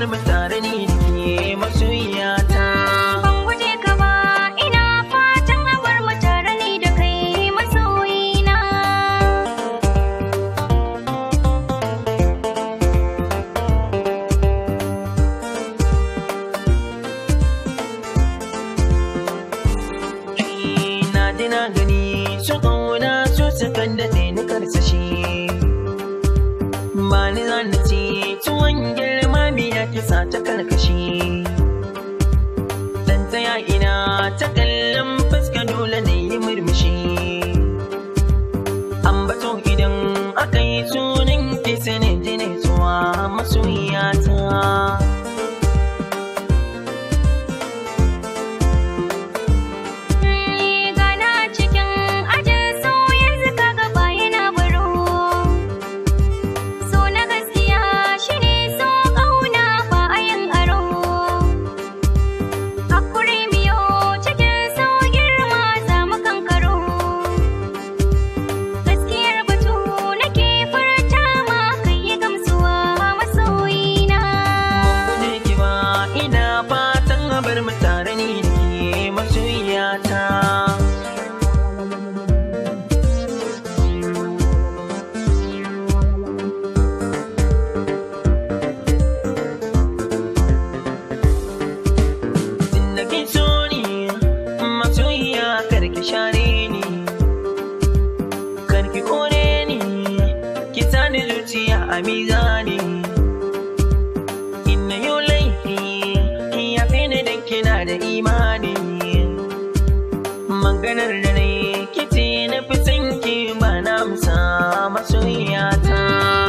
bar mu tare ni ke masoyiyata ban guje ka ba ina fatan a bar mu tare ni da kai masoyina na dina gani so kisa ta karkashi ki share ni kar ki kore ni ki sani zuciya a mizani inna yau laifi in ya fi ni dan kina da imani maganar da na yi kici na fi sanki ba na amsa masoyiyata